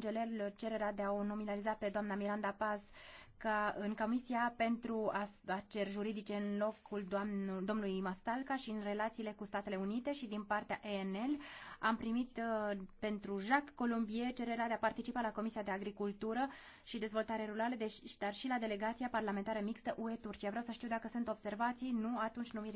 Cancelerilor cererea de a o nominaliza pe doamna Miranda Paz ca în Comisia pentru Afaceri Juridice în locul doamn, domnului Mastalca și în relațiile cu Statele Unite și din partea ENL am primit uh, pentru Jacques Colombier cererea de a participa la Comisia de Agricultură și Dezvoltare Rurală, deci, dar și la Delegația Parlamentară Mixtă UE-Turcia. Vreau să știu dacă sunt observații, nu, atunci numiri